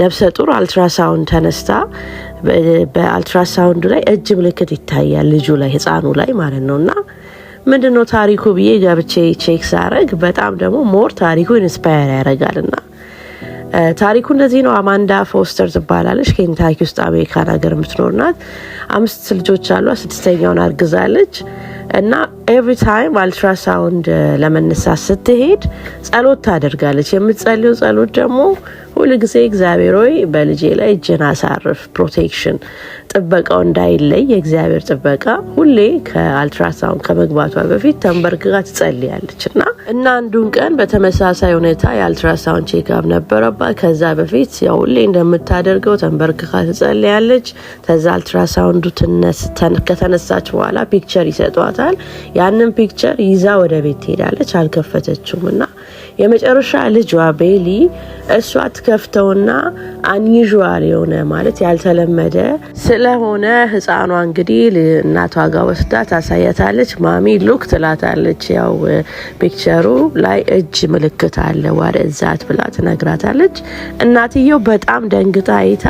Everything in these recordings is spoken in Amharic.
ነፍሰ ጡር አልትራሳውንድ ተነስታ በአልትራሳውንዱ ላይ እጅ ምልክት ይታያል ልጁ ላይ ህፃኑ ላይ ማለት ነው እና ምንድነው ታሪኩ ብዬ ገብቼ ቼክ ሳረግ በጣም ደግሞ ሞር ታሪኩ ኢንስፓየር ያደረጋል እና ታሪኩ እንደዚህ ነው። አማንዳ ፎስተር ትባላለች። ኬንታኪ ውስጥ አሜሪካን ሀገር የምትኖርናት አምስት ልጆች አሏ። ስድስተኛውን አርግዛለች እና ኤቭሪ ታይም አልትራሳውንድ ለመነሳት ስትሄድ ጸሎት ታደርጋለች። የምትጸልዩ ጸሎት ደግሞ ሁል ጊዜ እግዚአብሔር ሆይ በልጄ ላይ እጅን አሳርፍ፣ ፕሮቴክሽን ጥበቃው እንዳይለይ፣ የእግዚአብሔር ጥበቃ ሁሌ ከአልትራሳውንድ ከመግባቷ በፊት ተንበርክካ ትጸልያለች እና እና አንዱን ቀን በተመሳሳይ ሁኔታ የአልትራሳውንድ ቼክአፕ ነበረባት። ከዛ በፊት ያው ሁሌ እንደምታደርገው ተንበርክካ ትጸልያለች። ከዛ አልትራሳውንዱ ከተነሳች በኋላ ፒክቸር ይሰጧታል። ያንን ፒክቸር ይዛ ወደ ቤት ትሄዳለች። አልከፈተችውም እና የመጨረሻ ልጇ ቤሊ እሷ ትከፍተውና አንዩዥዋል የሆነ ማለት ያልተለመደ ስለሆነ ህፃኗ እንግዲህ እናቷ ጋር ወስዳ ታሳያታለች። ማሚ ሉክ ትላታለች። ያው ፒክቸሩ ላይ እጅ ምልክት አለ ዋደ እዛት ብላ ትነግራታለች። እናትየው በጣም ደንግጣ አይታ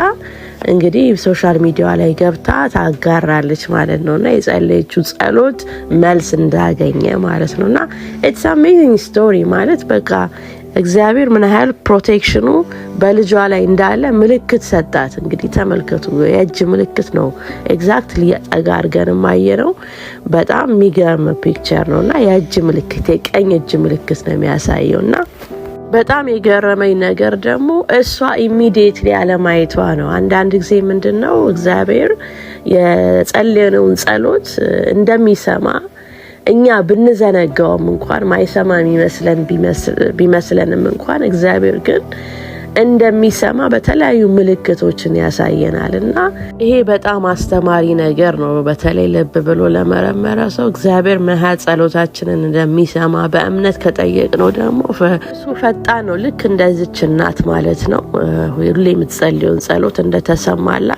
እንግዲህ ሶሻል ሚዲያ ላይ ገብታ ታጋራለች ማለት ነው። እና የጸለየችው ጸሎት መልስ እንዳገኘ ማለት ነው። እና ኢትስ አሜዚንግ ስቶሪ ማለት በቃ እግዚአብሔር ምን ያህል ፕሮቴክሽኑ በልጇ ላይ እንዳለ ምልክት ሰጣት። እንግዲህ ተመልከቱ፣ የእጅ ምልክት ነው። ኤግዛክት ሊጠጋ አድርገን ማየ ነው። በጣም የሚገርም ፒክቸር ነው እና የእጅ ምልክት የቀኝ እጅ ምልክት ነው የሚያሳየው እና በጣም የገረመኝ ነገር ደግሞ እሷ ኢሚዲየትሊ አለማየቷ ነው። አንዳንድ ጊዜ ምንድን ነው እግዚአብሔር የጸለየነውን ጸሎት እንደሚሰማ እኛ ብንዘነጋውም እንኳን ማይሰማ የሚመስለን ቢመስለንም እንኳን እግዚአብሔር ግን እንደሚሰማ በተለያዩ ምልክቶችን ያሳየናል እና ይሄ በጣም አስተማሪ ነገር ነው። በተለይ ልብ ብሎ ለመረመረ ሰው እግዚአብሔር መሀ ጸሎታችንን እንደሚሰማ በእምነት ከጠየቅነው ደግሞ እሱ ፈጣን ነው። ልክ እንደዚች እናት ማለት ነው። ሁሌ የምትጸልዩን ጸሎት እንደተሰማላ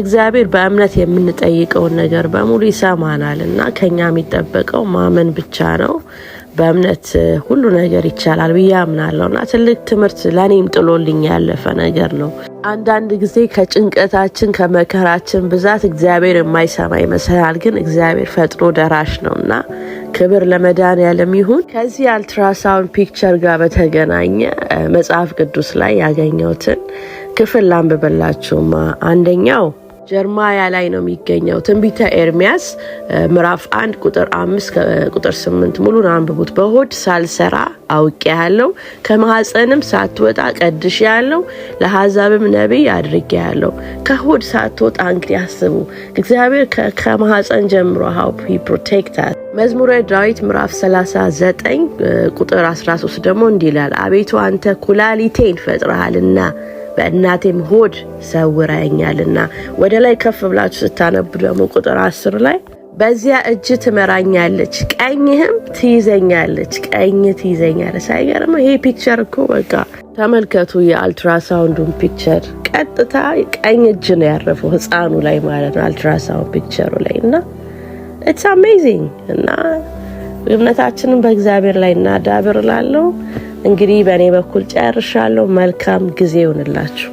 እግዚአብሔር በእምነት የምንጠይቀውን ነገር በሙሉ ይሰማናል እና ከኛ የሚጠበቀው ማመን ብቻ ነው። በእምነት ሁሉ ነገር ይቻላል ብዬ አምናለሁ እና ትልቅ ትምህርት ለእኔም ጥሎልኝ ያለፈ ነገር ነው። አንዳንድ ጊዜ ከጭንቀታችን ከመከራችን ብዛት እግዚአብሔር የማይሰማ ይመስላል፣ ግን እግዚአብሔር ፈጥኖ ደራሽ ነው እና ክብር ለመድኃኔዓለም ይሁን። ከዚህ አልትራሳውንድ ፒክቸር ጋር በተገናኘ መጽሐፍ ቅዱስ ላይ ያገኘሁትን ክፍል ላንብብላችሁማ አንደኛው ጀርማያ ላይ ነው የሚገኘው። ትንቢተ ኤርሚያስ ምዕራፍ አንድ ቁጥር አምስት ቁጥር ስምንት ሙሉን አንብቡት። በሆድ ሳልሰራ አውቄ ያለው ከማህፀንም ሳትወጣ ቀድሽ ያለው ለአሕዛብም ነቢይ አድርጌ ያለው። ከሆድ ሳትወጣ እንግዲህ አስቡ፣ እግዚአብሔር ከማህፀን ጀምሮ ሀው ፕሮቴክታት። መዝሙረ ዳዊት ምዕራፍ 39 ቁጥር 13 ደግሞ እንዲህ ይላል፣ አቤቱ አንተ ኩላሊቴን ፈጥረሃልና በእናቴም ሆድ ሰውረኛልና። ወደ ላይ ከፍ ብላችሁ ስታነቡ ደግሞ ቁጥር አስር ላይ በዚያ እጅ ትመራኛለች፣ ቀኝህም ትይዘኛለች። ቀኝ ትይዘኛለች። አይገርም? ይሄ ፒክቸር እኮ በቃ ተመልከቱ የአልትራሳውንዱን ፒክቸር ቀጥታ ቀኝ እጅ ነው ያረፈው ህፃኑ ላይ ማለት ነው፣ አልትራሳውንድ ፒክቸሩ ላይ እና ኢትስ አሜዚንግ እና እምነታችንን በእግዚአብሔር ላይ እናዳብር ላለው እንግዲህ በእኔ በኩል ጨርሻለሁ። መልካም ጊዜ ይሆንላችሁ።